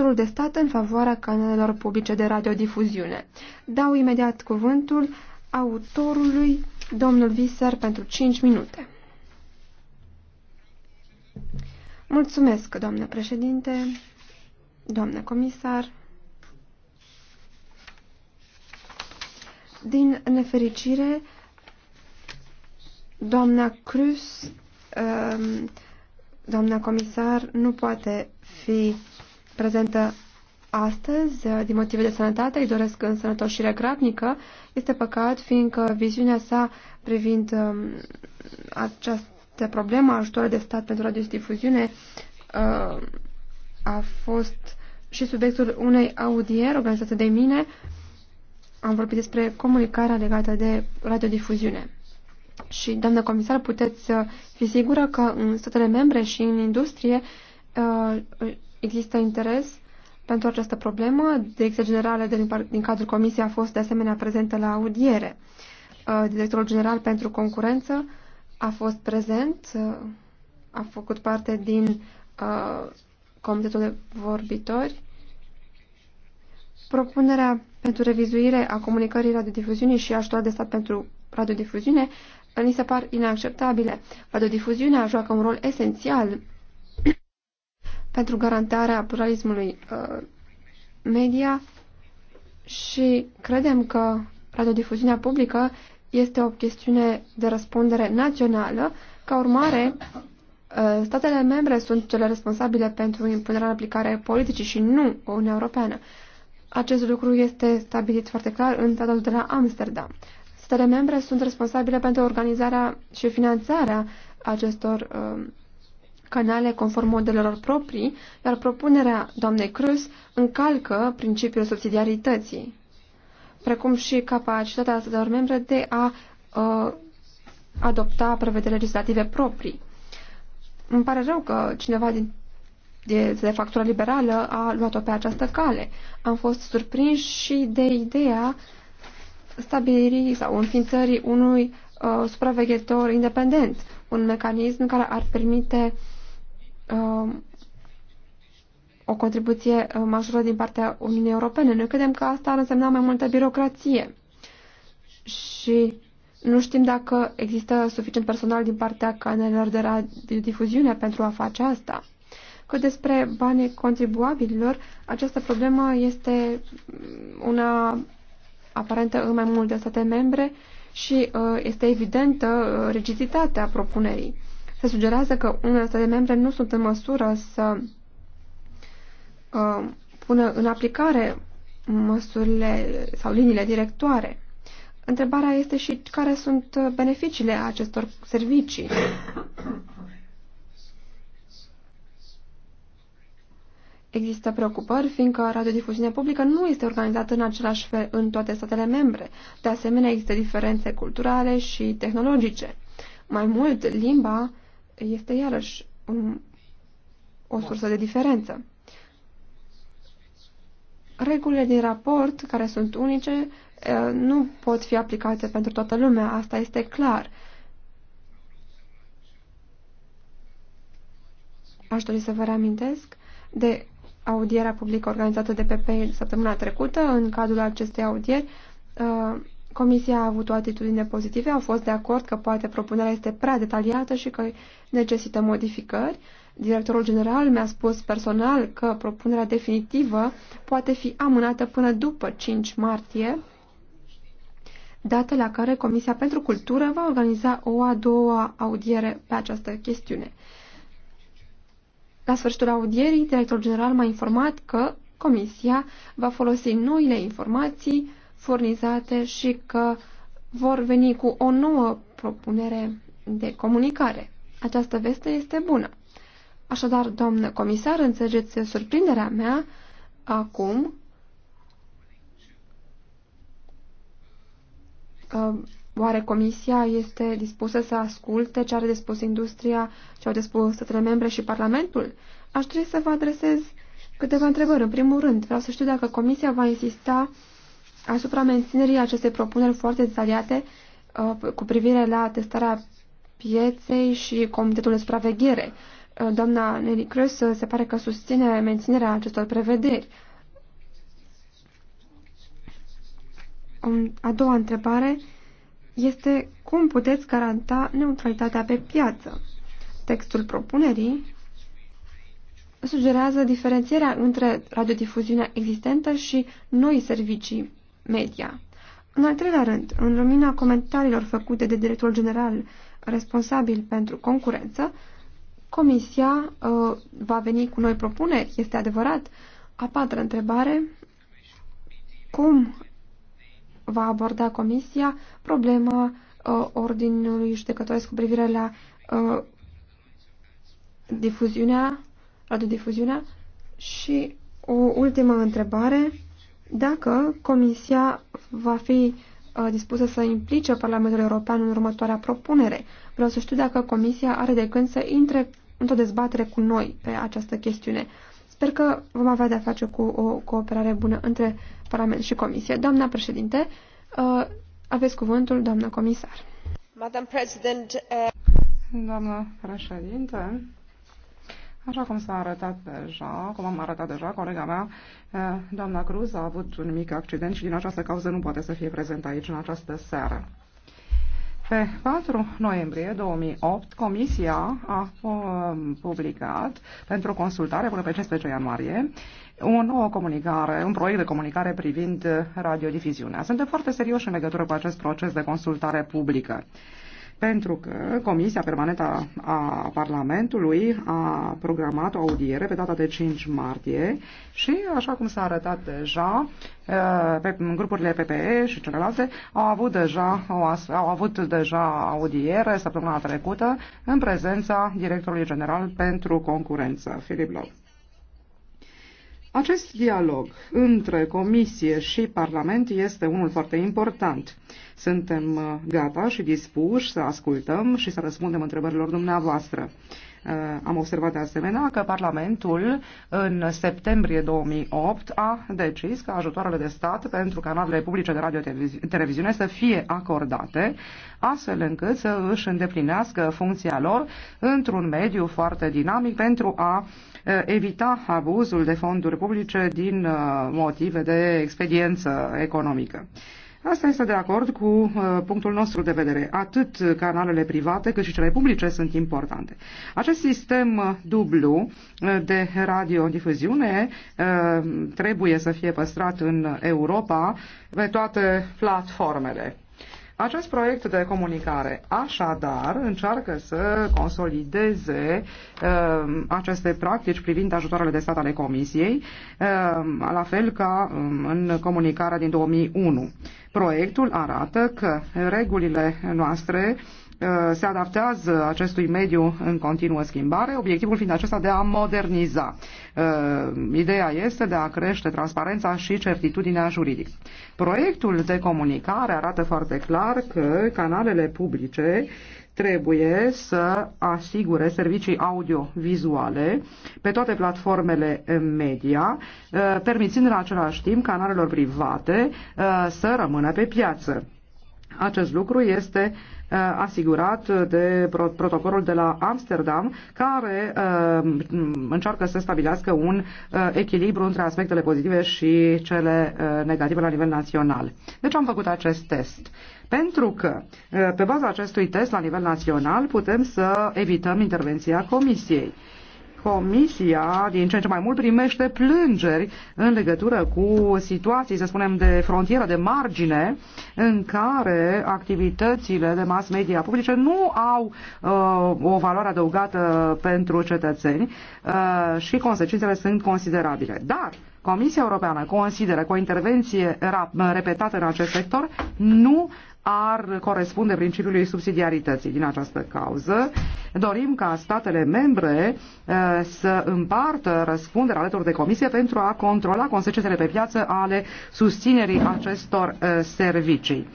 ajutorul de stat în favoarea canalelor publice de radiodifuziune. Dau imediat cuvântul autorului, domnul Viser, pentru 5 minute. Mulțumesc, doamnă președinte, doamnă comisar. Din nefericire, doamna Cruz, um, doamna comisar, nu poate fi prezentă astăzi uh, din motive de sănătate. Îi doresc însănătoșire grabnică. Este păcat, fiindcă viziunea sa privind um, această problemă, ajutoare de stat pentru radiodifuziune, uh, a fost și subiectul unei audieri organizate de mine. Am vorbit despre comunicarea legată de radiodifuziune. Și, doamnă comisar, puteți uh, fi sigură că în statele membre și în industrie Există interes pentru această problemă. Direcția Generală din, din cadrul Comisiei a fost de asemenea prezentă la audiere. Uh, directorul General pentru Concurență a fost prezent, uh, a făcut parte din uh, Comitetul de Vorbitori. Propunerea pentru revizuire a comunicării radiodifuziunii și ajutorul de stat pentru radiodifuziune ni se par inacceptabile. Radiodifuziunea joacă un rol esențial pentru garantarea pluralismului uh, media și credem că radiodifuziunea publică este o chestiune de răspundere națională. Ca urmare, uh, statele membre sunt cele responsabile pentru impunerea în aplicare politicii și nu Uniunea Europeană. Acest lucru este stabilit foarte clar în tratatul de la Amsterdam. Statele membre sunt responsabile pentru organizarea și finanțarea acestor uh, canale conform modelelor proprii, iar propunerea doamnei Cruz încalcă principiul subsidiarității, precum și capacitatea statelor membre de a uh, adopta prevederi legislative proprii. Îmi pare rău că cineva din de, de factura liberală a luat-o pe această cale. Am fost surprins și de ideea stabilirii sau înființării unui uh, supraveghetor independent, un mecanism care ar permite Um, o contribuție uh, majoră din partea Uniunii Europene. Noi credem că asta ar însemna mai multă birocrație și nu știm dacă există suficient personal din partea canalelor de radiodifuziune pentru a face asta. Că despre banii contribuabililor, această problemă este mm, una aparentă în mai multe state membre și uh, este evidentă uh, rigiditatea propunerii se sugerează că unele state membre nu sunt în măsură să uh, pună în aplicare măsurile sau liniile directoare. Întrebarea este și care sunt uh, beneficiile acestor servicii. Există preocupări, fiindcă radiodifuziunea publică nu este organizată în același fel în toate statele membre. De asemenea, există diferențe culturale și tehnologice. Mai mult, limba este iarăși un, o sursă de diferență. Regulile din raport, care sunt unice, eh, nu pot fi aplicate pentru toată lumea, asta este clar. Aș dori să vă reamintesc de audierea publică organizată de PP săptămâna trecută. În cadrul acestei audieri, eh, Comisia a avut o atitudine pozitivă, au fost de acord că poate propunerea este prea detaliată și că necesită modificări. Directorul general mi-a spus personal că propunerea definitivă poate fi amânată până după 5 martie, dată la care Comisia pentru Cultură va organiza o a doua audiere pe această chestiune. La sfârșitul audierii, directorul general m-a informat că Comisia va folosi noile informații furnizate și că vor veni cu o nouă propunere de comunicare. Această veste este bună. Așadar, doamnă comisar, înțelegeți surprinderea mea acum uh, Oare Comisia este dispusă să asculte ce are de spus industria, ce au de spus statele membre și Parlamentul? Aș trebui să vă adresez câteva întrebări. În primul rând, vreau să știu dacă Comisia va insista asupra menținerii acestei propuneri foarte detaliate uh, cu privire la testarea pieței și Comitetul de Supraveghere. Uh, doamna Nelly Cruz uh, se pare că susține menținerea acestor prevederi. A doua întrebare este cum puteți garanta neutralitatea pe piață? Textul propunerii sugerează diferențierea între radiodifuziunea existentă și noi servicii media. În al treilea rând, în lumina comentariilor făcute de directorul general responsabil pentru concurență, Comisia uh, va veni cu noi propuneri, este adevărat. A patra întrebare, cum va aborda Comisia problema uh, ordinului judecătoresc cu privire la uh, difuziunea, radiodifuziunea? Și o ultimă întrebare, dacă Comisia va fi uh, Uh, dispusă să implice Parlamentul European în următoarea propunere. Vreau să știu dacă Comisia are de gând să intre într-o dezbatere cu noi pe această chestiune. Sper că vom avea de-a face cu o cooperare bună între Parlament și Comisie. Doamna președinte, uh, aveți cuvântul, doamna comisar. Madam President, uh... Doamna președinte, Așa cum s-a arătat deja, cum am arătat deja, colega mea, eh, doamna Cruz, a avut un mic accident și din această cauză nu poate să fie prezentă aici în această seară. Pe 4 noiembrie 2008, Comisia a um, publicat pentru consultare până pe 15 ianuarie o nouă comunicare, un proiect de comunicare privind radiodifiziunea. Suntem foarte serioși în legătură cu acest proces de consultare publică pentru că Comisia Permanentă a, Parlamentului a programat o audiere pe data de 5 martie și, așa cum s-a arătat deja, pe grupurile PPE și celelalte au avut deja, au, au avut deja audiere săptămâna trecută în prezența directorului general pentru concurență, Filip Lov. Acest dialog între Comisie și Parlament este unul foarte important. Suntem uh, gata și dispuși să ascultăm și să răspundem întrebărilor dumneavoastră. Eh, am observat de asemenea că Parlamentul în septembrie 2008 a decis că ajutoarele de stat pentru canalele publice de radio-televiziune să fie acordate astfel încât să își îndeplinească funcția lor într-un mediu foarte dinamic pentru a eh, evita abuzul de fonduri publice din eh, motive de experiență economică. Asta este de acord cu uh, punctul nostru de vedere. Atât canalele private cât și cele publice sunt importante. Acest sistem dublu uh, de radiodifuziune uh, trebuie să fie păstrat în Europa pe toate platformele. Acest proiect de comunicare așadar încearcă să consolideze uh, aceste practici privind ajutoarele de stat ale Comisiei, uh, la fel ca um, în comunicarea din 2001. Proiectul arată că regulile noastre uh, Uh, se adaptează acestui mediu în continuă schimbare, obiectivul fiind acesta de a moderniza. Uh, ideea este de a crește transparența și certitudinea juridică. Proiectul de comunicare arată foarte clar că canalele publice trebuie să asigure servicii audio-vizuale pe toate platformele media, uh, permițând în același timp canalelor private să rămână pe piață. Acest lucru este uh, asigurat de protocolul de la Amsterdam, care uh, încearcă să stabilească un uh, echilibru între aspectele pozitive și cele negative la nivel național. Deci am făcut acest test. Pentru că, pe baza acestui test la nivel național, putem să evităm intervenția Comisiei. Comisia din ce în ce mai mult primește plângeri în legătură cu situații, să spunem, de frontieră, de margine, în care activitățile de mass media publice nu au uh, o valoare adăugată pentru cetățeni uh, și consecințele sunt considerabile. Dar Comisia Europeană consideră că o intervenție repetată în acest sector nu ar corespunde principiului subsidiarității. Din această cauză, dorim ca statele membre eh, să împartă răspunderea alături de comisie pentru a controla consecințele pe piață ale susținerii acestor eh, servicii.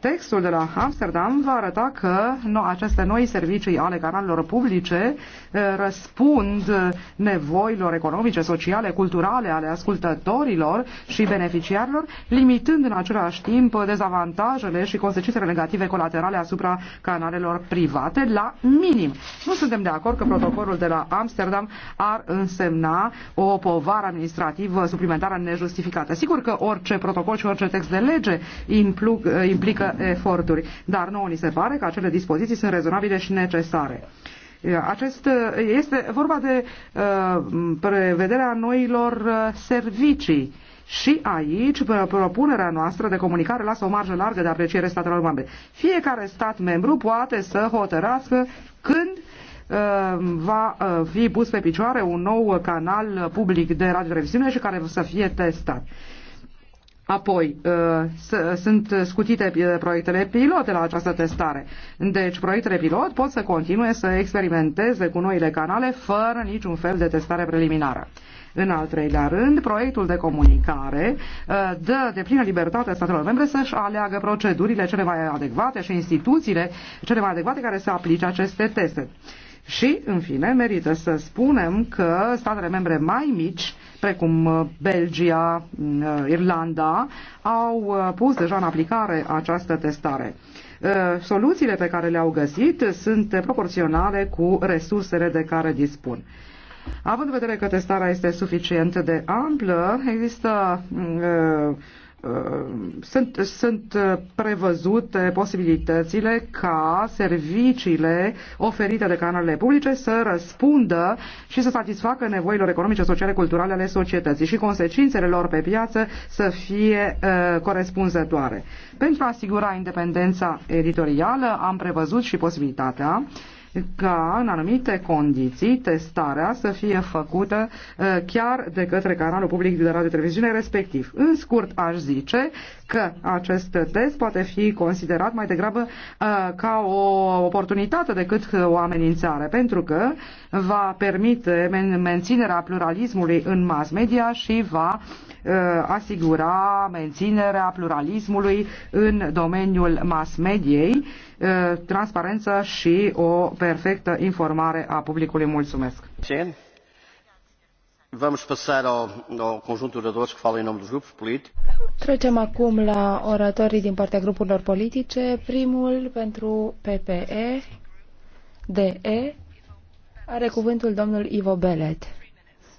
Textul de la Amsterdam va arăta că no, aceste noi servicii ale canalelor publice eh, răspund eh, nevoilor economice, sociale, culturale ale ascultătorilor și beneficiarilor, limitând în același timp dezavantajele și consecințele negative colaterale asupra canalelor private la minim. Nu suntem de acord că protocolul de la Amsterdam ar însemna o povară administrativă suplimentară nejustificată. Sigur că orice protocol și orice text de lege eh, implică eforturi, dar nouă ni se pare că acele dispoziții sunt rezonabile și necesare. Acest, este vorba de uh, prevederea noilor uh, servicii și aici propunerea noastră de comunicare lasă o marjă largă de apreciere statelor membre. Fiecare stat membru poate să hotărască când va fi pus pe picioare un nou canal public de radio și care să fie testat. Apoi, uh, sunt scutite uh, proiectele pilot la această testare. Deci, proiectele pilot pot să continue să experimenteze cu noile canale fără niciun fel de testare preliminară. În al treilea rând, proiectul de comunicare uh, dă de plină libertate statelor membre să-și aleagă procedurile cele mai adecvate și instituțiile cele mai adecvate care să aplice aceste teste. Și, în fine, merită să spunem că statele membre mai mici precum uh, Belgia, uh, Irlanda, au uh, pus deja în aplicare această testare. Soluțiile pe care le-au găsit sunt proporționale cu resursele de care dispun. Având în vedere că testarea este suficient de amplă, există sunt, sunt uh, prevăzute posibilitățile ca serviciile oferite de canalele publice să răspundă și să satisfacă nevoilor economice, sociale, culturale ale societății și consecințele lor pe piață să fie uh, corespunzătoare. Pentru a asigura independența editorială am prevăzut și posibilitatea uh, ca în anumite condiții testarea să fie făcută uh, chiar de către canalul public de radio-televiziune respectiv. În scurt, aș zice că acest test poate fi considerat mai degrabă uh, ca o oportunitate decât o amenințare, pentru că va permite menținerea pluralismului în mass media și va uh, Uh, asigura menținerea pluralismului în domeniul mass mediei, uh, transparență și o perfectă informare a publicului. Mulțumesc! Cien? Vamos passar ao, ao conjunto de oradores que falam em nome dos grupos políticos. Trecem acum la oratorii din partea grupurilor politice. Primul pentru PPE, DE, are cuvântul domnul Ivo Belet.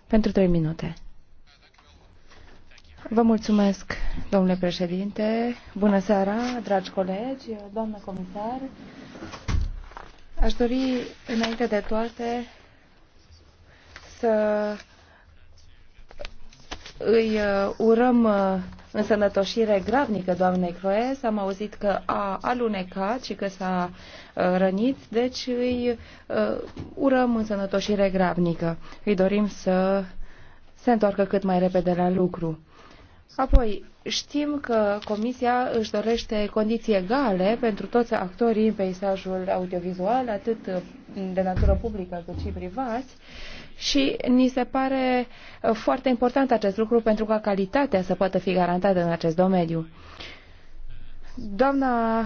Pentru trei minute. Vă mulțumesc, domnule președinte. Bună seara, dragi colegi, doamnă comisar. Aș dori, înainte de toate, să îi uh, urăm uh, însănătoșire gravnică doamnei Croes. Am auzit că a alunecat și că s-a uh, rănit, deci îi urăm însănătoșire gravnică. Îi dorim să se întoarcă cât mai repede la lucru. Apoi, știm că Comisia își dorește condiții egale pentru toți actorii în peisajul audiovizual, atât de natură publică cât și privați, și ni se pare uh, foarte important acest lucru pentru ca calitatea să poată fi garantată în acest domeniu. Doamna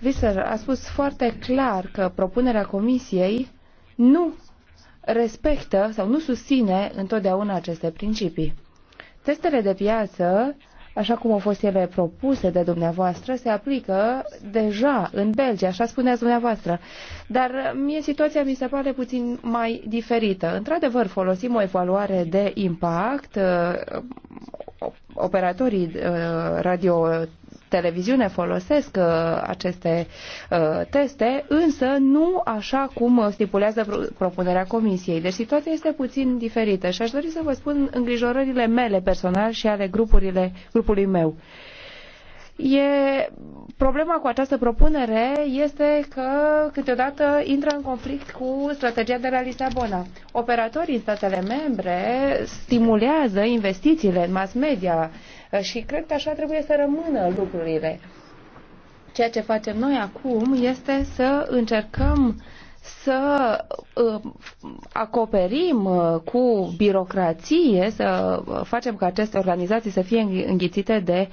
Visser a spus foarte clar că propunerea Comisiei nu respectă sau nu susține întotdeauna aceste principii. Testele de piață, așa cum au fost ele propuse de dumneavoastră, se aplică deja în Belgia, așa spuneați dumneavoastră. Dar mie situația mi se pare puțin mai diferită. Într-adevăr, folosim o evaluare de impact, operatorii uh, radio televiziune folosesc uh, aceste uh, teste, însă nu așa cum stipulează propunerea comisiei. Deci situația este puțin diferită și aș dori să vă spun îngrijorările mele personal și ale grupurile, grupului meu. Uh, E, problema cu această propunere este că câteodată intră în conflict cu strategia de la Lisabona. Operatorii în statele membre stimulează investițiile în mass media uh, și cred că așa trebuie să rămână lucrurile. Ceea ce facem noi acum este să încercăm uh, să ă, acoperim ă, cu birocrație, să facem ca aceste organizații să fie înghițite de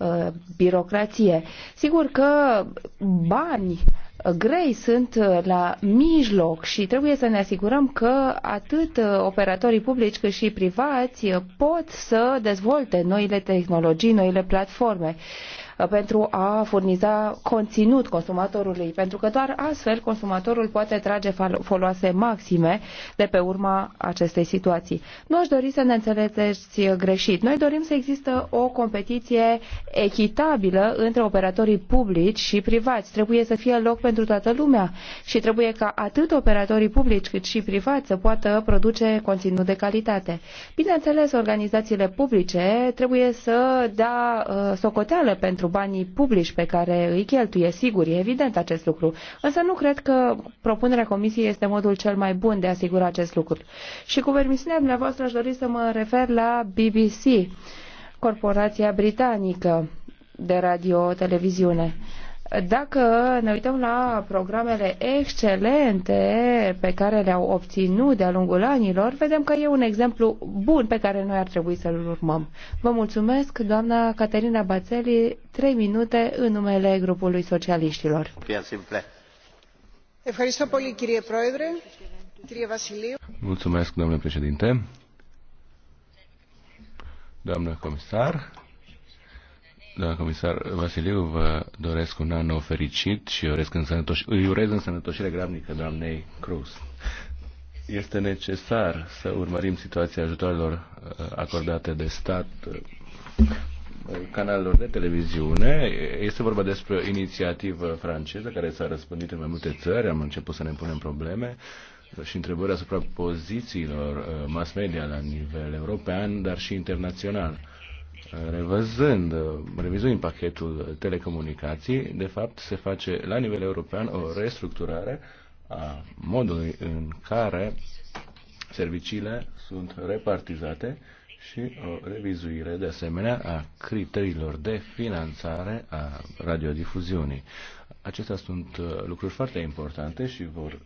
ă, birocrație. Sigur că bani grei sunt la mijloc și trebuie să ne asigurăm că atât operatorii publici cât și privați pot să dezvolte noile tehnologii, noile platforme pentru a furniza conținut consumatorului, pentru că doar astfel consumatorul poate trage foloase maxime de pe urma acestei situații. Nu aș dori să ne înțelegeți greșit. Noi dorim să există o competiție echitabilă între operatorii publici și privați. Trebuie să fie loc pentru toată lumea și trebuie ca atât operatorii publici cât și privați să poată produce conținut de calitate. Bineînțeles, organizațiile publice trebuie să dea uh, socoteală pentru pentru banii publici pe care îi cheltuie. Sigur, e evident acest lucru, însă nu cred că propunerea Comisiei este modul cel mai bun de a asigura acest lucru. Și cu permisiunea dumneavoastră aș dori să mă refer la BBC, corporația britanică de radio-televiziune. Dacă ne uităm la programele excelente pe care le-au obținut de-a lungul anilor, vedem că e un exemplu bun pe care noi ar trebui să-l urmăm. Vă mulțumesc, doamna Caterina Bațeli, trei minute în numele grupului socialiștilor. Mulțumesc, domnule președinte. Doamnă comisar, doamna comisar Vasiliu, vă doresc un an nou fericit și urez însănătoș... îi urez însănătoșire grabnică doamnei Cruz. Este necesar să urmărim situația ajutoarelor uh, acordate de stat uh, canalelor de televiziune. Este vorba despre o inițiativă franceză care s-a răspândit în mai multe țări. Am început să ne punem probleme și întrebări asupra pozițiilor uh, mass media la nivel european, dar și internațional revăzând, revizuind pachetul telecomunicații, de fapt se face la nivel european o restructurare a modului în care serviciile sunt repartizate și o revizuire de asemenea a criteriilor de finanțare a radiodifuziunii. Acestea sunt uh, lucruri foarte importante și vor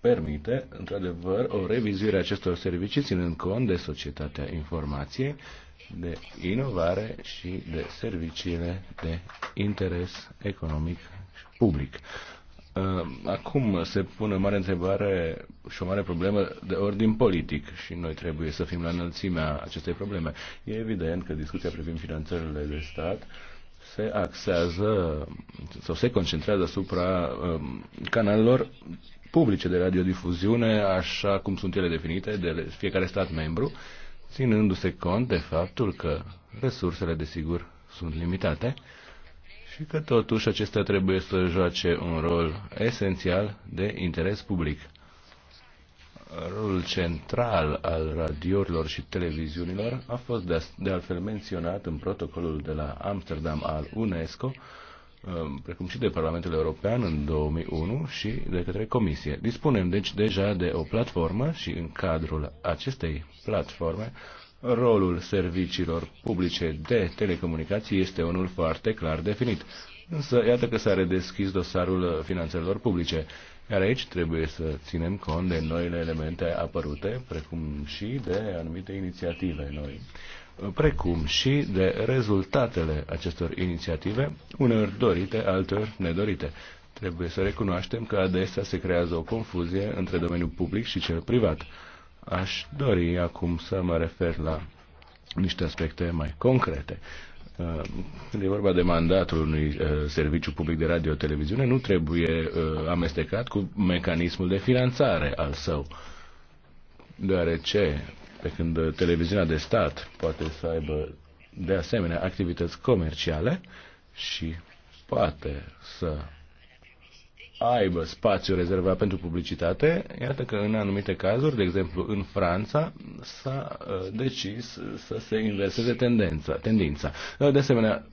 permite, într-adevăr, o revizuire a acestor servicii, ținând cont de societatea informației de inovare și de serviciile de interes economic și public. Uh, acum se pune mare întrebare și o mare problemă de ordin politic și noi trebuie să fim la înălțimea acestei probleme. E evident că discuția privind finanțările de stat se axează sau se concentrează asupra um, canalelor publice de radiodifuziune, așa cum sunt ele definite de fiecare stat membru, uh, ținându-se cont de faptul că resursele, desigur, sunt limitate și că totuși acestea trebuie să joace un rol esențial de interes public. Rolul central al radiourilor și televiziunilor a fost de, de altfel menționat în protocolul de la Amsterdam al UNESCO, Um, precum și de Parlamentul European în 2001 și de către Comisie. Dispunem deci deja de o platformă și în cadrul acestei platforme rolul serviciilor publice de telecomunicații este unul foarte clar definit. Însă, iată că s-a redeschis dosarul finanțelor publice iar aici trebuie să ținem cont de noile elemente apărute, precum și de anumite inițiative noi, precum și de rezultatele acestor inițiative, uneori dorite, alteori nedorite. Trebuie să recunoaștem că adesea se creează o confuzie între domeniul public și cel privat. Aș dori acum să mă refer la niște aspecte mai concrete. Uh, când e vorba de mandatul unui uh, serviciu public de radio-televiziune, nu trebuie uh, amestecat cu mecanismul de finanțare al său, deoarece pe când televiziunea de stat poate să aibă de asemenea activități comerciale și poate să aibă spațiu rezervat pentru publicitate, iată că în anumite cazuri, de exemplu în Franța, s-a uh, decis să se inverseze tendența, tendința. Uh, de asemenea,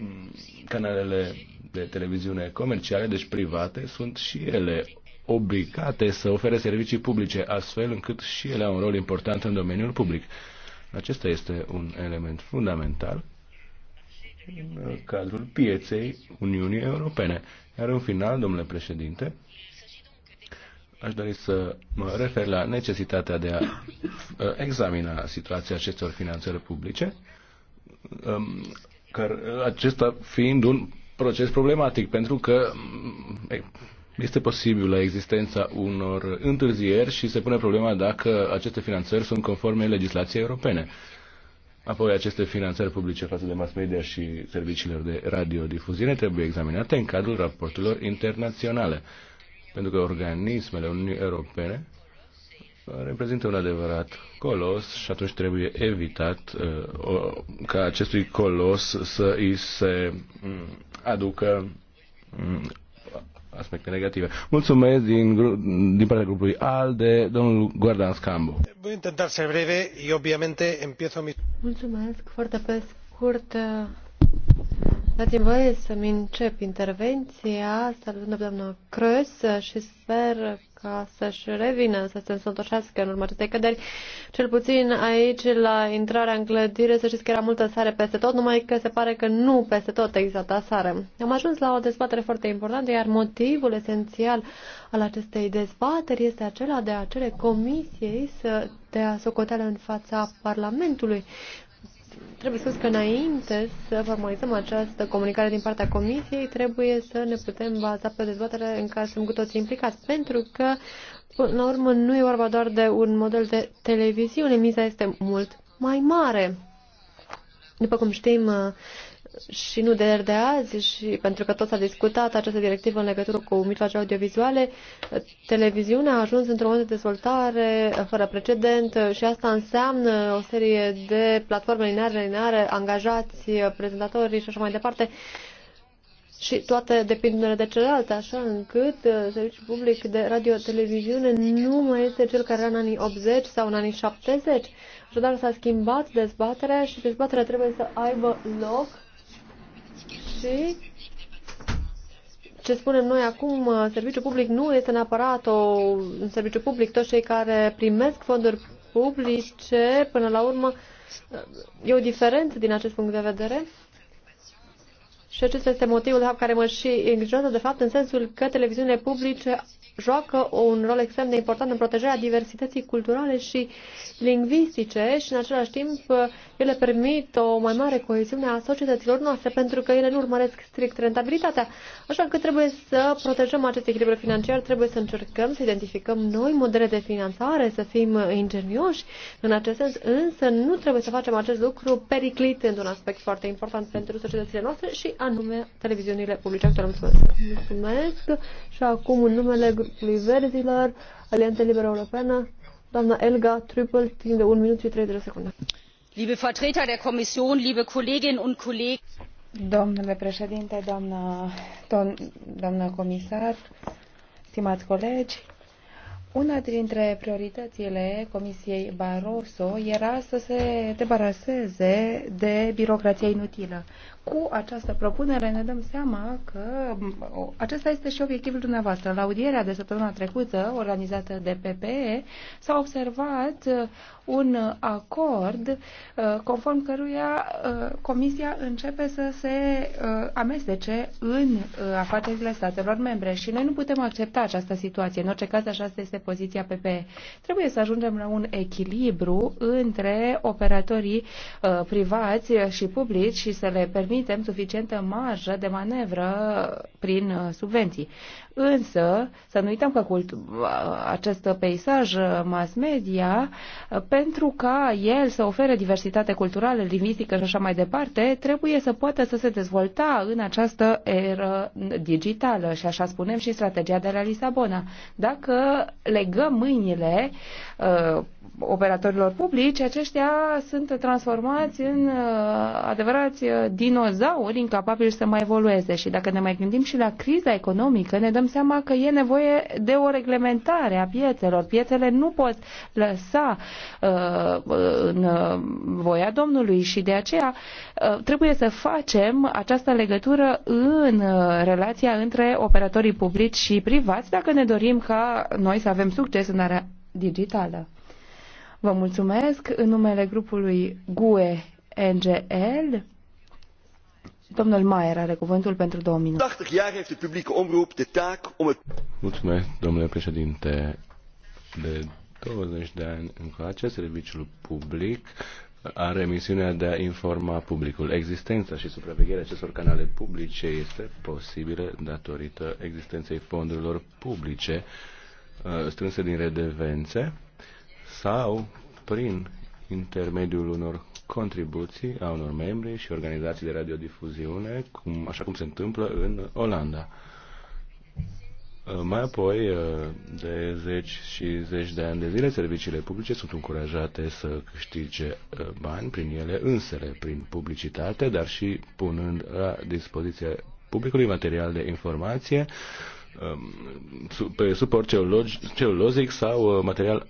mm, canalele de televiziune comerciale, deci private, sunt și ele obligate să ofere servicii publice, astfel încât și ele au un rol important în domeniul public. Acesta este un element fundamental în cadrul pieței Uniunii Europene. Iar în final, domnule președinte, aș dori să mă refer la necesitatea de a uh, examina situația acestor finanțări publice, um, uh, acesta fiind un proces problematic, pentru că um, este posibilă existența unor întârzieri și se pune problema dacă aceste finanțări sunt conforme legislației europene. Apoi aceste finanțări publice față de mass media și serviciilor de radiodifuziune trebuie examinate în cadrul raporturilor internaționale, pentru că organismele Uniunii Europene uh, reprezintă un adevărat colos și atunci trebuie evitat uh, o, ca acestui colos să îi se um, aducă um, aspecte negative. Mulțumesc din, din partea grupului ALDE, domnul Gordon Scambo. Voi intenta ser breve și, obviamente, empiezo mi... Mulțumesc, foarte pe scurt. Dați-mi voie să-mi încep intervenția, salutând doamna Crăs și sper ca să-și revină, să se însăltoșească în următoarele căderi. Cel puțin aici, la intrarea în clădire, să știți că era multă sare peste tot, numai că se pare că nu peste tot exista sare. Am ajuns la o dezbatere foarte importantă, iar motivul esențial al acestei dezbateri este acela de a cere comisiei să dea socoteală în fața Parlamentului trebuie spus că înainte să formalizăm această comunicare din partea Comisiei, trebuie să ne putem baza pe dezbatere în care sunt cu toți implicați, pentru că, până la urmă, nu e vorba doar de un model de televiziune, miza este mult mai mare. După cum știm, și nu de ieri de azi, și pentru că tot s-a discutat această directivă în legătură cu mijloace audiovizuale, televiziunea a ajuns într-un moment de dezvoltare fără precedent și asta înseamnă o serie de platforme lineare, lineare, angajați, prezentatori și așa mai departe. Și toate depind unele de celelalte, așa încât uh, serviciul public de radio-televiziune nu mai este cel care era în anii 80 sau în anii 70. Așadar s-a schimbat dezbaterea și dezbaterea trebuie să aibă loc și ce spunem noi acum, uh, serviciu public nu este neapărat o, un serviciu public. Toți cei care primesc fonduri publice, până la urmă, uh, e o diferență din acest punct de vedere. Și acesta este motivul de care mă și îngrijorează, de fapt, în sensul că televiziunile publice joacă un rol extrem de important în protejarea diversității culturale și lingvistice și, în același timp, ele permit o mai mare coeziune a societăților noastre, pentru că ele nu urmăresc strict rentabilitatea. Așa că trebuie să protejăm acest echilibru financiar, trebuie să încercăm să identificăm noi modele de finanțare, să fim ingenioși în acest sens, însă nu trebuie să facem acest lucru periclit într un aspect foarte important pentru societățile noastre și anume televiziunile publice actuale. Mulțumesc! Mulțumesc! Și acum, în numele grupului Verzilor, Alianța Liberă Europeană, doamna Elga Triple, timp de 1 minut și 30 de secunde. Liebe Vertreter der Kommission, liebe Kolleginnen und Kollegen, Domnule președinte, doamna, doamnă, doamna comisar, stimați colegi, una dintre prioritățile Comisiei Barroso era să se debaraseze de birocrația inutilă cu această propunere ne dăm seama că acesta este și obiectivul dumneavoastră. La audierea de săptămâna trecută, organizată de PPE, s-a observat uh, un acord uh, conform căruia uh, Comisia începe să se amestece în afacerile statelor membre și noi nu putem accepta această situație. În orice caz, așa este poziția PPE. Trebuie să ajungem la un echilibru între operatorii privați și publici și să le permitem permitem suficientă marjă de manevră prin uh, subvenții. Însă, să nu uităm că cult, uh, acest peisaj uh, mass media, pentru ca el să ofere diversitate culturală, lingvistică și așa mai departe, trebuie să poată să se dezvolta în această eră digitală și așa spunem și strategia de la Lisabona. Dacă legăm mâinile operatorilor publici, aceștia sunt transformați în uh, adevărați uh, dinozauri incapabili să mai evolueze. Și dacă ne mai gândim și la criza economică, ne dăm seama că e nevoie de o reglementare a piețelor. Piețele nu pot lăsa uh, în uh, voia Domnului și de aceea uh, trebuie să facem această legătură în uh, relația între operatorii publici și privați dacă ne dorim ca noi să avem succes în area digitală. Vă mulțumesc în numele grupului GUE NGL. Domnul Maier are cuvântul pentru două minute. Mulțumesc, domnule președinte. De 20 de ani încoace, serviciul public are misiunea de a informa publicul. Existența și supravegherea acestor canale publice este posibilă datorită existenței fondurilor publice uh, strânse din redevențe sau prin intermediul unor contribuții a unor membri și organizații de radiodifuziune, cum, așa cum se întâmplă în Olanda. Mai apoi, de zeci și zeci de ani de zile, serviciile publice sunt încurajate să câștige uh, bani prin ele însele, prin publicitate, dar și punând la dispoziție publicului material de informație um, pe suport celulozic sau uh, material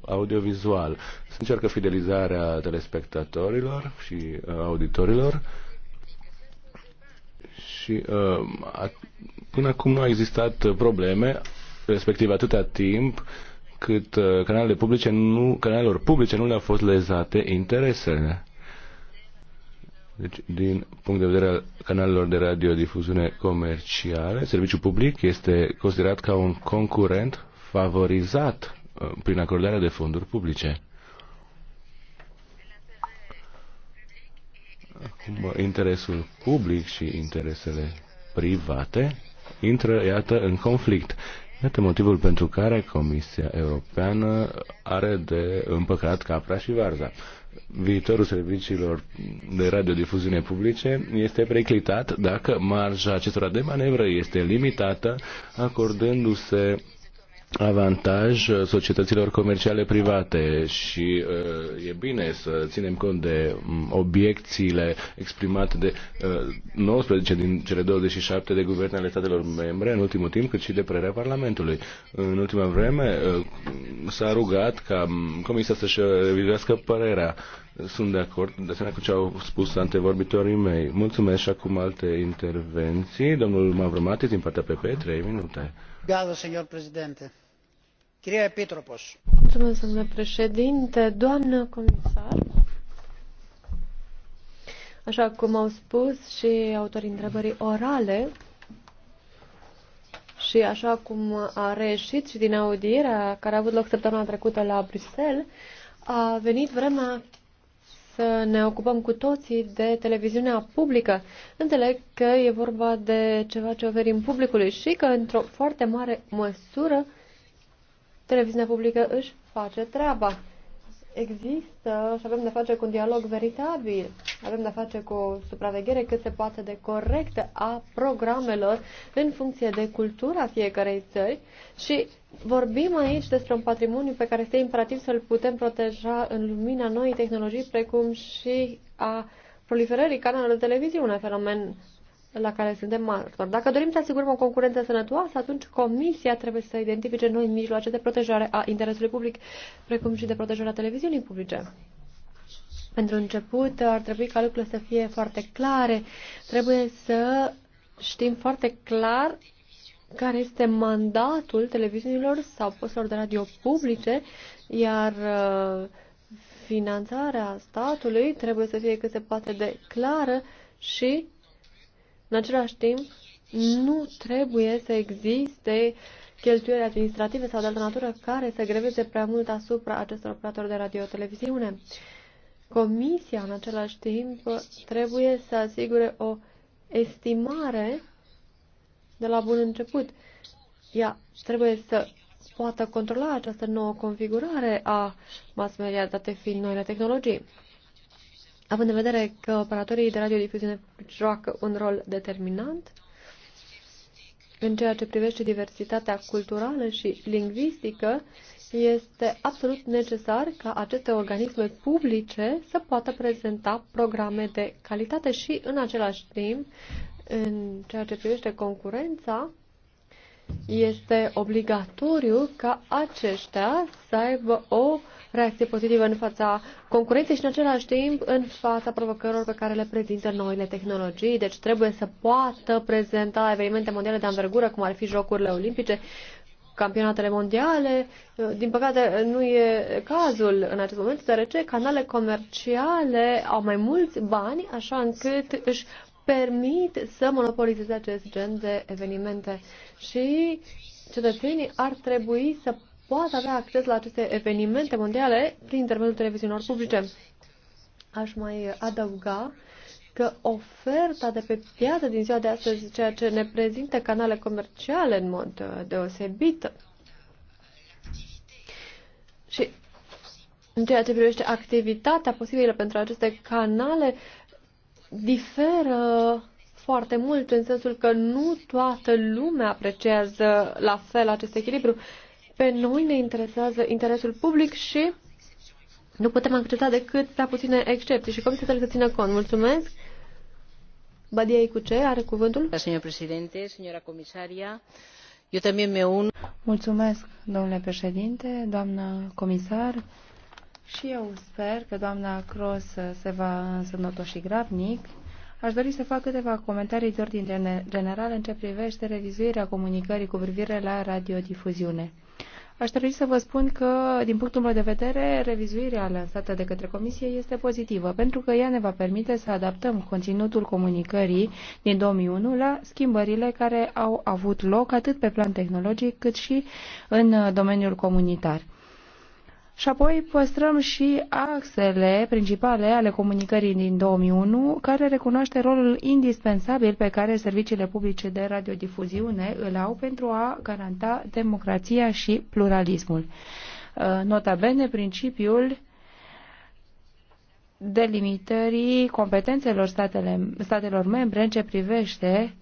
audiovizual. Se încearcă fidelizarea telespectatorilor și uh, auditorilor și uh, până acum nu au existat probleme, respectiv atâta timp cât uh, canalele publice nu, canalelor publice nu le-au fost lezate interesele. Deci, din punct de vedere al canalelor de radiodifuziune comerciale, serviciul public este considerat ca un concurent favorizat Uh, prin acordarea de fonduri publice. Acum, interesul public și interesele private intră, iată, în conflict. Iată motivul pentru care Comisia Europeană are de împăcat capra și varza. Viitorul serviciilor de radiodifuziune publice este preclitat dacă marja acestora de manevră este limitată, acordându-se avantaj societăților comerciale private și uh, e bine să ținem cont de mm, obiecțiile exprimate de 19 uh, din cele 27 de guverne ale statelor membre în ultimul timp, cât și de părerea Parlamentului. În ultima vreme uh, s-a rugat ca mm, Comisia să-și revizuiască părerea. Sunt de acord, de asemenea, cu ce au spus antevorbitorii mei. Mulțumesc și acum alte intervenții. Domnul Mavromatis, din partea PP, 3 minute. Gado, señor presidente domnule președinte, doamnă comisar. Așa cum au spus și autorii întrebării orale, și așa cum a reieșit și din audierea care a avut loc săptămâna trecută la Bruxelles, a venit vremea să ne ocupăm cu toții de televiziunea publică. Înțeleg că e vorba de ceva ce oferim publicului și că, într-o foarte mare măsură, televiziunea publică își face treaba. Există și avem de face cu un dialog veritabil, avem de face cu o supraveghere cât se poate de corectă a programelor în funcție de cultura fiecarei țări și vorbim aici despre un patrimoniu pe care este imperativ să-l putem proteja în lumina noii tehnologii, precum și a proliferării canalelor de televiziune, fenomen la care suntem martori. Dacă dorim să asigurăm o concurență sănătoasă, atunci Comisia trebuie să identifice noi mijloace de protejare a interesului public, precum și de protejarea televiziunii publice. Pentru început, ar trebui ca lucrurile să fie foarte clare. Trebuie să știm foarte clar care este mandatul televiziunilor sau postelor de radio publice, iar uh, finanțarea statului trebuie să fie cât se poate de clară și în același timp, nu trebuie să existe cheltuieli administrative sau de altă natură care să greveze prea mult asupra acestor operatori de radio-televiziune. Comisia, în același timp, trebuie să asigure o estimare de la bun început. Ea trebuie să poată controla această nouă configurare a mass media, date fiind noile tehnologii. Având în vedere că operatorii de radiodifuziune joacă un rol determinant în ceea ce privește diversitatea culturală și lingvistică, este absolut necesar ca aceste organisme publice să poată prezenta programe de calitate și, în același timp, în ceea ce privește concurența, este obligatoriu ca aceștia să aibă o uh, reacție pozitivă în fața concurenței și în același timp în fața provocărilor pe care le prezintă noile tehnologii. Deci trebuie să poată prezenta evenimente mondiale de anvergură, cum ar fi Jocurile Olimpice, campionatele mondiale. Din păcate, nu e cazul în acest moment, deoarece canale comerciale au mai mulți bani, așa încât își permit să monopolizeze acest gen de evenimente. Și cetățenii ar trebui să poată avea acces la aceste evenimente mondiale prin intermediul televiziunilor publice. Aș mai adăuga că oferta de pe piață din ziua de astăzi, ceea ce ne prezintă canale comerciale în mod uh, deosebit, și în ceea ce privește activitatea posibilă pentru aceste canale, diferă foarte mult în sensul că nu toată lumea apreciază la fel acest echilibru. Pe noi ne interesează interesul public și nu putem accepta decât prea puține excepții și comisia trebuie să țină cont. Mulțumesc. Badia Icuce are cuvântul. Domnule președinte, doamna comisaria, eu también me un... Mulțumesc, domnule președinte, doamna comisar. Și eu sper că doamna Cross se va însănătoși și grabnic. Aș dori să fac câteva comentarii de ordine general în ce privește revizuirea comunicării cu privire la radiodifuziune. Aș trebui să vă spun că, din punctul meu de vedere, revizuirea lansată de către Comisie este pozitivă, pentru că ea ne va permite să adaptăm conținutul comunicării din 2001 la schimbările care au avut loc atât pe plan tehnologic cât și în uh, domeniul comunitar. Și apoi păstrăm și axele principale ale comunicării din 2001, care recunoaște rolul indispensabil pe care serviciile publice de radiodifuziune îl au pentru a garanta democrația și pluralismul. Uh, Nota bene, principiul delimitării competențelor statele, statelor membre în ce privește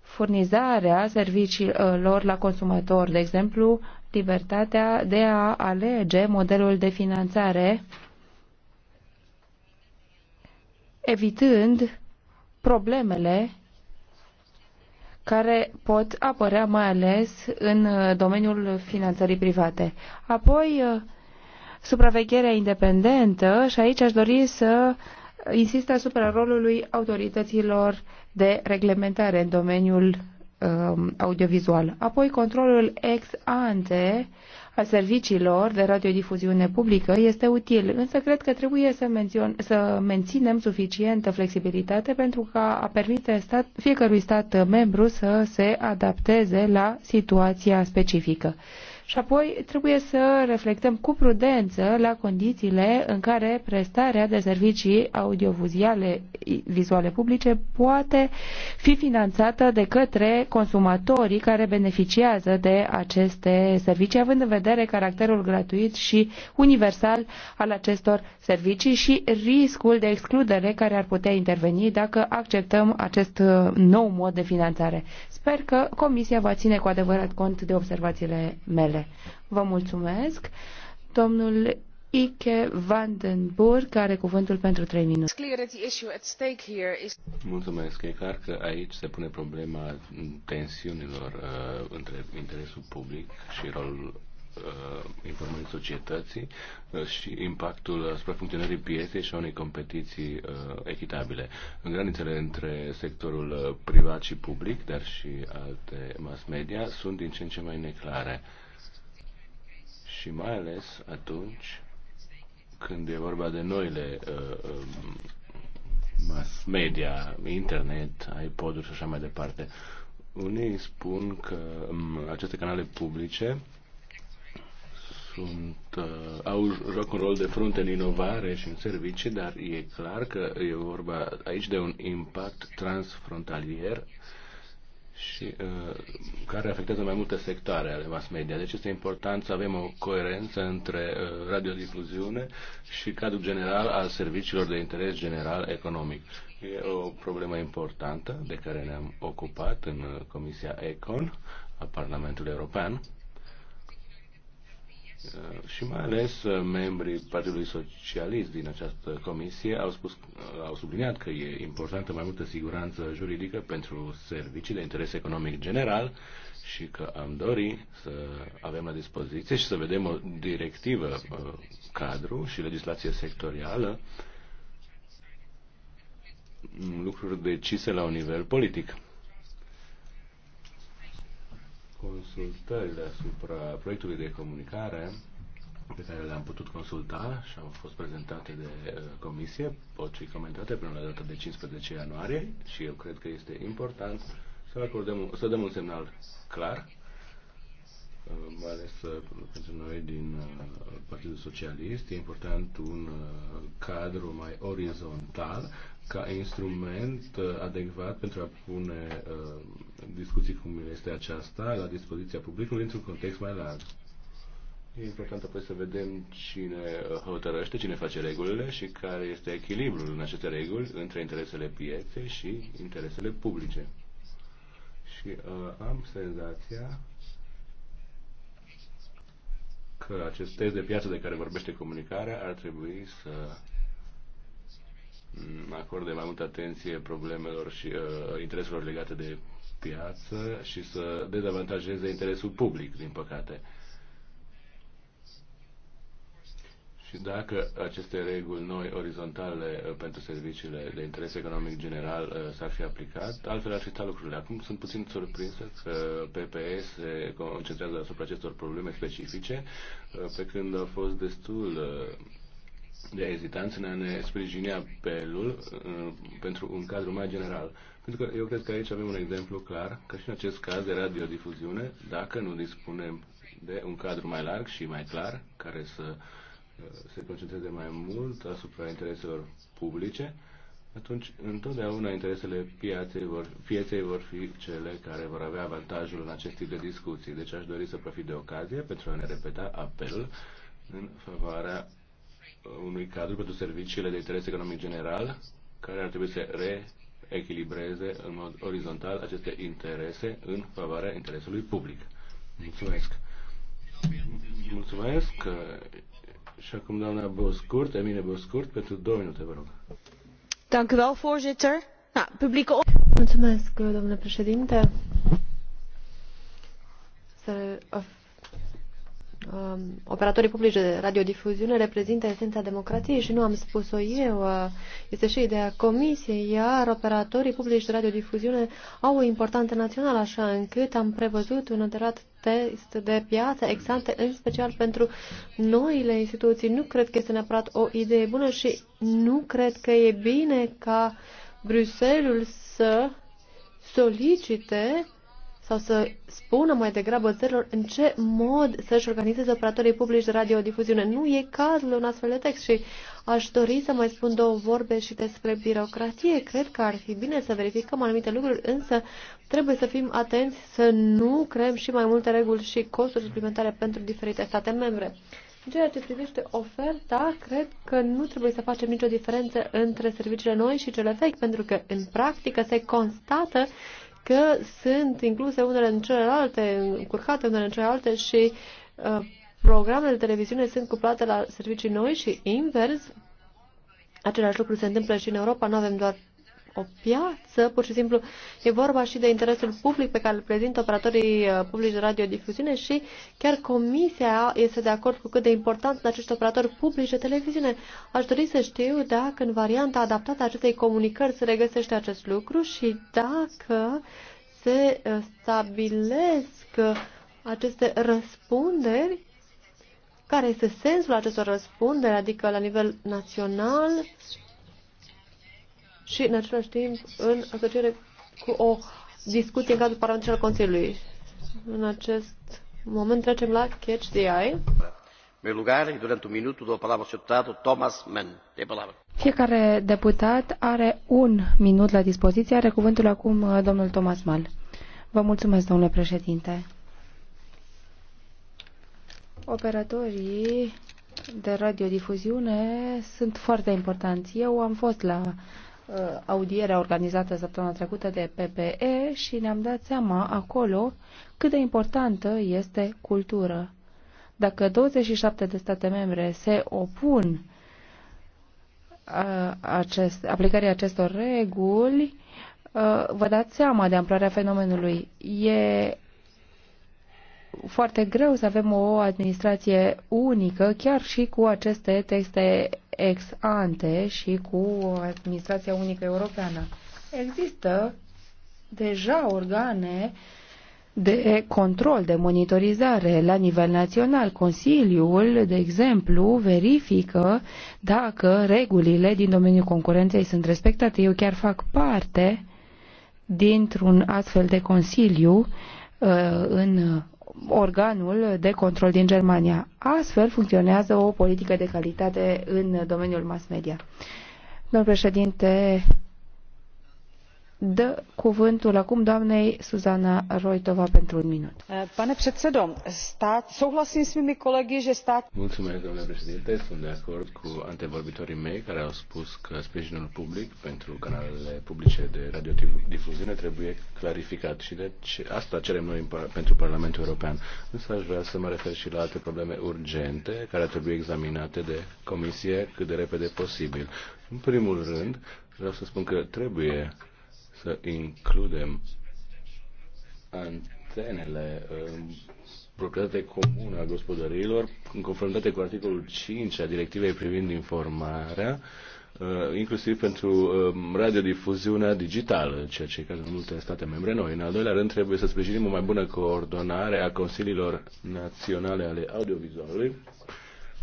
furnizarea serviciilor la consumator, de exemplu, libertatea de a alege modelul de finanțare, evitând problemele care pot apărea mai ales în uh, domeniul finanțării private. Apoi, uh, supravegherea independentă și aici aș dori să insist asupra rolului autorităților de reglementare în domeniul Um, audiovizual. Apoi, controlul ex ante al serviciilor de radiodifuziune publică este util, însă cred că trebuie să, mențion, să menținem suficientă flexibilitate pentru ca a permite stat, fiecărui stat membru să se adapteze la situația specifică. Și apoi trebuie să reflectăm cu prudență la condițiile în care prestarea de servicii audiovizuale vizuale publice poate fi finanțată de către consumatorii care beneficiază de aceste servicii, având în vedere caracterul gratuit și universal al acestor servicii și riscul de excludere care ar putea interveni dacă acceptăm acest nou mod de finanțare. Sper că Comisia va ține cu adevărat cont de observațiile mele ele. Vă mulțumesc. Domnul Ike Vandenburg are cuvântul pentru 3 minute. Mulțumesc. E clar că aici se pune problema tensiunilor uh, între interesul public și rolul uh, informării societății uh, și impactul asupra funcționării pieței și a unei competiții uh, echitabile. În granițele între sectorul uh, privat și public, dar și alte mass media, sunt din ce în ce mai neclare. Uh, și mai ales atunci când e vorba de noile uh, um, mass media, internet, iPod-uri și așa mai departe. Unii spun că um, aceste canale publice sunt, uh, au, joc un rol de frunte în inovare și în servicii, dar e clar că e vorba aici de un impact transfrontalier și uh, care afectează mai multe sectoare ale mass media. Deci este important să avem o coerență între uh, radiodifuziune și cadrul general al serviciilor de interes general economic. E o problemă importantă de care ne-am ocupat în uh, Comisia ECON a Parlamentului European Uh, și mai ales uh, membrii Partidului Socialist din această comisie au, spus, uh, au subliniat că e importantă mai multă siguranță juridică pentru servicii de interes economic general și că am dori să avem la dispoziție și să vedem o directivă cadru și legislație sectorială lucruri decise la un nivel politic consultările asupra proiectului de comunicare pe care le-am putut consulta și au fost prezentate de uh, comisie, pot fi comentate până la data de 15 ianuarie și eu cred că este important să, acordăm, să dăm un semnal clar, uh, mai ales uh, pentru noi din Partidul Socialist, e important un cadru mai orizontal ca instrument uh, adecvat pentru a pune uh, discuții cum este aceasta la dispoziția publicului într-un context mai larg. E important apoi să vedem cine uh, hotărăște, cine face regulile și care este echilibrul în aceste reguli între interesele pieței și interesele publice. Și uh, am senzația că acest test de piață de care vorbește comunicarea ar trebui să acorde mai multă atenție problemelor și uh, intereselor legate de piață și să dezavantajeze interesul public, din păcate. Și dacă aceste reguli noi orizontale uh, pentru serviciile de interes economic general uh, s-ar fi aplicat, altfel ar fi stat lucrurile. Acum sunt puțin surprinsă că PPS se concentrează asupra acestor probleme specifice, uh, pe când au fost destul de ezitanți în a ne sprijini apelul uh, pentru un cadru mai general. Pentru că eu cred că aici avem un exemplu clar că și în acest caz de radiodifuziune, dacă nu dispunem de un cadru mai larg și mai clar, care să uh, se concentreze mai mult asupra intereselor publice, atunci întotdeauna interesele pieței vor, pieței vor fi cele care vor avea avantajul în acest tip de discuții. Deci aș dori să profit de ocazie pentru a ne repeta apelul în favoarea unui cadru pentru serviciile de interes economic general, care ar trebui să reechilibreze în mod orizontal aceste interese în favoarea interesului public. Mulțumesc! Mulțumesc! Și acum doamna Boscurt, Emine Boscurt, pentru două minute, vă rog. Dank voorzitter. publieke op... Mulțumesc, domnule președinte. Să Um, operatorii publici de radiodifuziune reprezintă esența democrației și nu am spus-o eu, uh, este și ideea comisiei, iar operatorii publici de radiodifuziune au o importanță națională, așa încât am prevăzut un adevărat test de piață exante, în special pentru noile instituții. Nu cred că este neapărat o idee bună și nu cred că e bine ca Bruselul să solicite sau să spună mai degrabă țărilor în ce mod să-și organizeze operatorii publici de radiodifuziune. Nu e cazul un astfel de text și aș dori să mai spun două vorbe și despre birocratie. Cred că ar fi bine să verificăm anumite lucruri, însă trebuie să fim atenți să nu creăm și mai multe reguli și costuri suplimentare pentru diferite state membre. În ceea ce privește oferta, cred că nu trebuie să facem nicio diferență între serviciile noi și cele vechi, pentru că în practică se constată că sunt incluse unele în celelalte, încurcate unele în celelalte și uh, programele de televiziune sunt cuplate la servicii noi și invers. Același lucru se întâmplă și în Europa. Nu avem doar o piață, pur și simplu e vorba și de interesul public pe care îl prezintă operatorii uh, publici de radiodifuziune și chiar Comisia este de acord cu cât de important sunt acești operatori publici de televiziune. Aș dori să știu dacă în varianta adaptată a acestei comunicări se regăsește acest lucru și dacă se uh, stabilesc uh, aceste răspunderi care este sensul acestor răspunderi, adică la nivel național și, în același timp, în asociere cu o discuție în cadrul Parlamentului Consiliului. În acest moment trecem la Catch the Eye. Fiecare deputat are un minut la dispoziție. Are cuvântul acum uh, domnul Thomas Mann. Vă mulțumesc, domnule președinte. Operatorii de radiodifuziune sunt foarte importanți. Eu am fost la Uh, audierea organizată săptămâna trecută de PPE și ne-am dat seama acolo cât de importantă este cultură. Dacă 27 de state membre se opun uh, acest, aplicării acestor reguli, uh, vă dați seama de amploarea fenomenului. E foarte greu să avem o administrație unică, chiar și cu aceste texte ex ante și cu administrația unică europeană. Există deja organe de control, de monitorizare la nivel național. Consiliul, de exemplu, verifică dacă regulile din domeniul concurenței sunt respectate. Eu chiar fac parte dintr-un astfel de consiliu uh, în organul de control din Germania. Astfel funcționează o politică de calitate în domeniul mass media. Domnul președinte, dă cuvântul acum doamnei Suzana Roitova pentru un minut. Eh, pane předsedo, stát, souhlasím s mými kolegy, že stát... Mulțumesc, doamne președinte, sunt de acord cu antevorbitorii mei care au spus că sprijinul public pentru canalele publice de radiodifuziune trebuie clarificat și deci asta cerem noi pentru Parlamentul European. Însă aș vrea să mă refer și la alte probleme urgente care trebuie examinate de Comisie cât de repede posibil. În primul rând, vreau să spun că trebuie să includem antenele um, proprietate comună a gospodăriilor, în conformitate cu articolul 5 a directivei privind informarea, uh, inclusiv pentru um, radiodifuziunea digitală, ceea ce e cazul în multe state membre noi. În al doilea rând, trebuie să sprijinim o mai bună coordonare a consiliilor naționale ale audiovizualului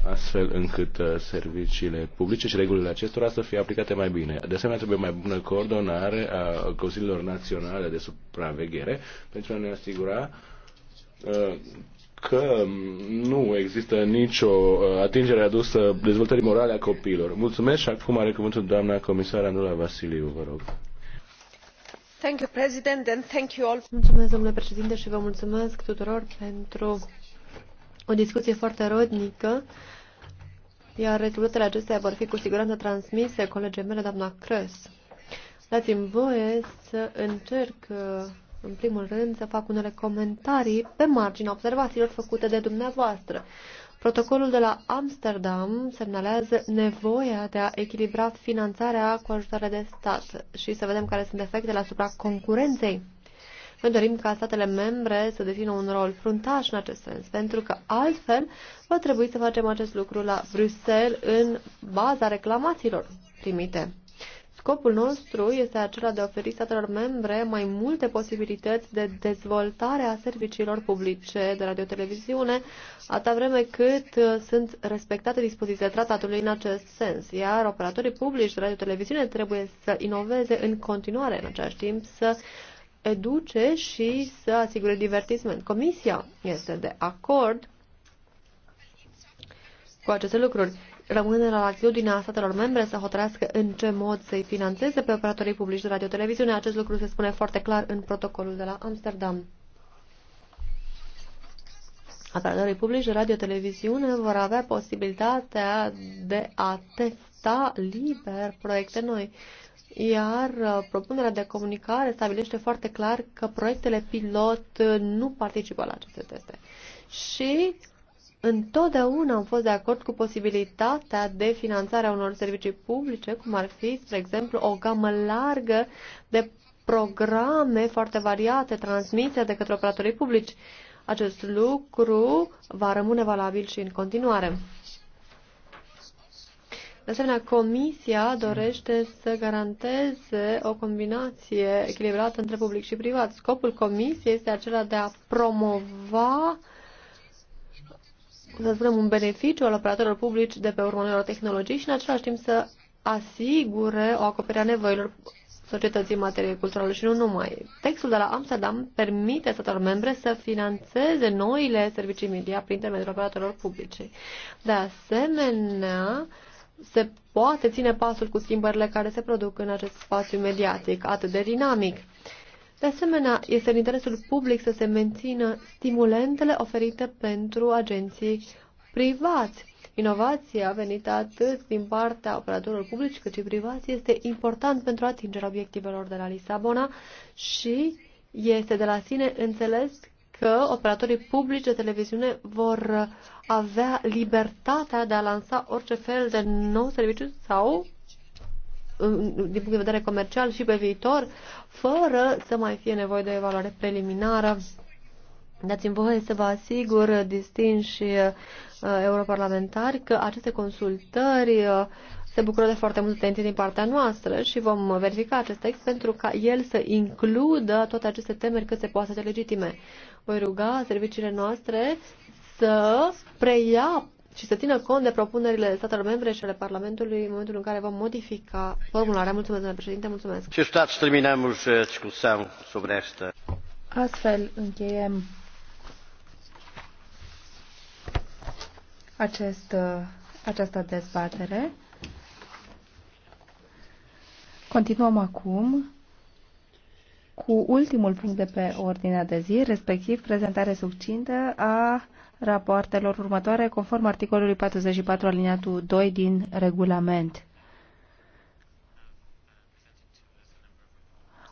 astfel încât uh, serviciile publice și regulile acestora să fie aplicate mai bine. De asemenea, trebuie mai bună coordonare a Consiliilor Naționale de Supraveghere pentru a ne asigura uh, că nu există nicio uh, atingere adusă dezvoltării morale a copiilor. Mulțumesc și acum are cuvântul doamna Comisară, Andula Vasiliu, vă rog. Thank you, President, and thank you all. Mulțumesc, domnule președinte, și vă mulțumesc tuturor pentru o discuție foarte rodnică, iar rezultatele acestea vor fi cu siguranță transmise colegii mele, doamna Crăs. Dați-mi voie să încerc, uh, în primul rând, să fac unele comentarii pe marginea observațiilor făcute de dumneavoastră. Protocolul de la Amsterdam semnalează nevoia de a echilibra finanțarea cu ajutoare de stat și să vedem care sunt efectele asupra concurenței. Noi dorim ca statele membre să devină un rol fruntaș în acest sens, pentru că altfel va trebui să facem acest lucru la Bruxelles în baza reclamațiilor primite. Scopul nostru este acela de a oferi statelor membre mai multe posibilități de dezvoltare a serviciilor publice de radioteleviziune, atâta vreme cât uh, sunt respectate dispozițiile tratatului în acest sens, iar operatorii publici de radioteleviziune trebuie să inoveze în continuare, în același timp să educe și să asigure divertisment. Comisia este de acord cu aceste lucruri. Rămâne la atitudinea statelor membre să hotărească în ce mod să-i financeze pe operatorii publici de radio-televiziune. Acest lucru se spune foarte clar în protocolul de la Amsterdam. Operatorii publici de radio-televiziune vor avea posibilitatea de a testa liber proiecte noi iar uh, propunerea de comunicare stabilește foarte clar că proiectele pilot uh, nu participă la aceste teste. Și întotdeauna am fost de acord cu posibilitatea de finanțare a unor servicii publice, cum ar fi, spre exemplu, o gamă largă de programe foarte variate transmise de către operatorii publici. Acest lucru va rămâne valabil și în continuare. De asemenea, Comisia dorește să garanteze o combinație echilibrată între public și privat. Scopul Comisiei este acela de a promova să spunem, un beneficiu al operatorilor publici de pe urma unor tehnologii și în același timp să asigure o acoperire a nevoilor societății materie culturale și nu numai. Textul de la Amsterdam permite statelor membre să financeze noile servicii media prin intermediul operatorilor publice. De asemenea, se poate ține pasul cu schimbările care se produc în acest spațiu mediatic atât de dinamic. De asemenea, este în interesul public să se mențină stimulentele oferite pentru agenții privați. Inovația venită atât din partea operatorilor publici cât și privați este important pentru atingerea obiectivelor de la Lisabona și este de la sine înțeles că operatorii publici de televiziune vor avea libertatea de a lansa orice fel de nou serviciu sau din punct de vedere comercial și pe viitor, fără să mai fie nevoie de o evaluare preliminară. Dați-mi voie să vă asigur, distinși uh, europarlamentari, că aceste consultări uh, se bucură de foarte multă atenție din partea noastră și vom verifica acest text pentru ca el să includă toate aceste temeri cât se poate să legitime. Voi ruga serviciile noastre să preia și să țină cont de propunerile statelor membre și ale Parlamentului în momentul în care vom modifica formularea. Mulțumesc, domnule președinte, mulțumesc. Și stați, terminăm discuția sobre asta. Astfel încheiem acest, această dezbatere. Continuăm acum cu ultimul punct de pe ordinea de zi, respectiv prezentare succintă a rapoartelor următoare conform articolului 44 aliniatul 2 din regulament.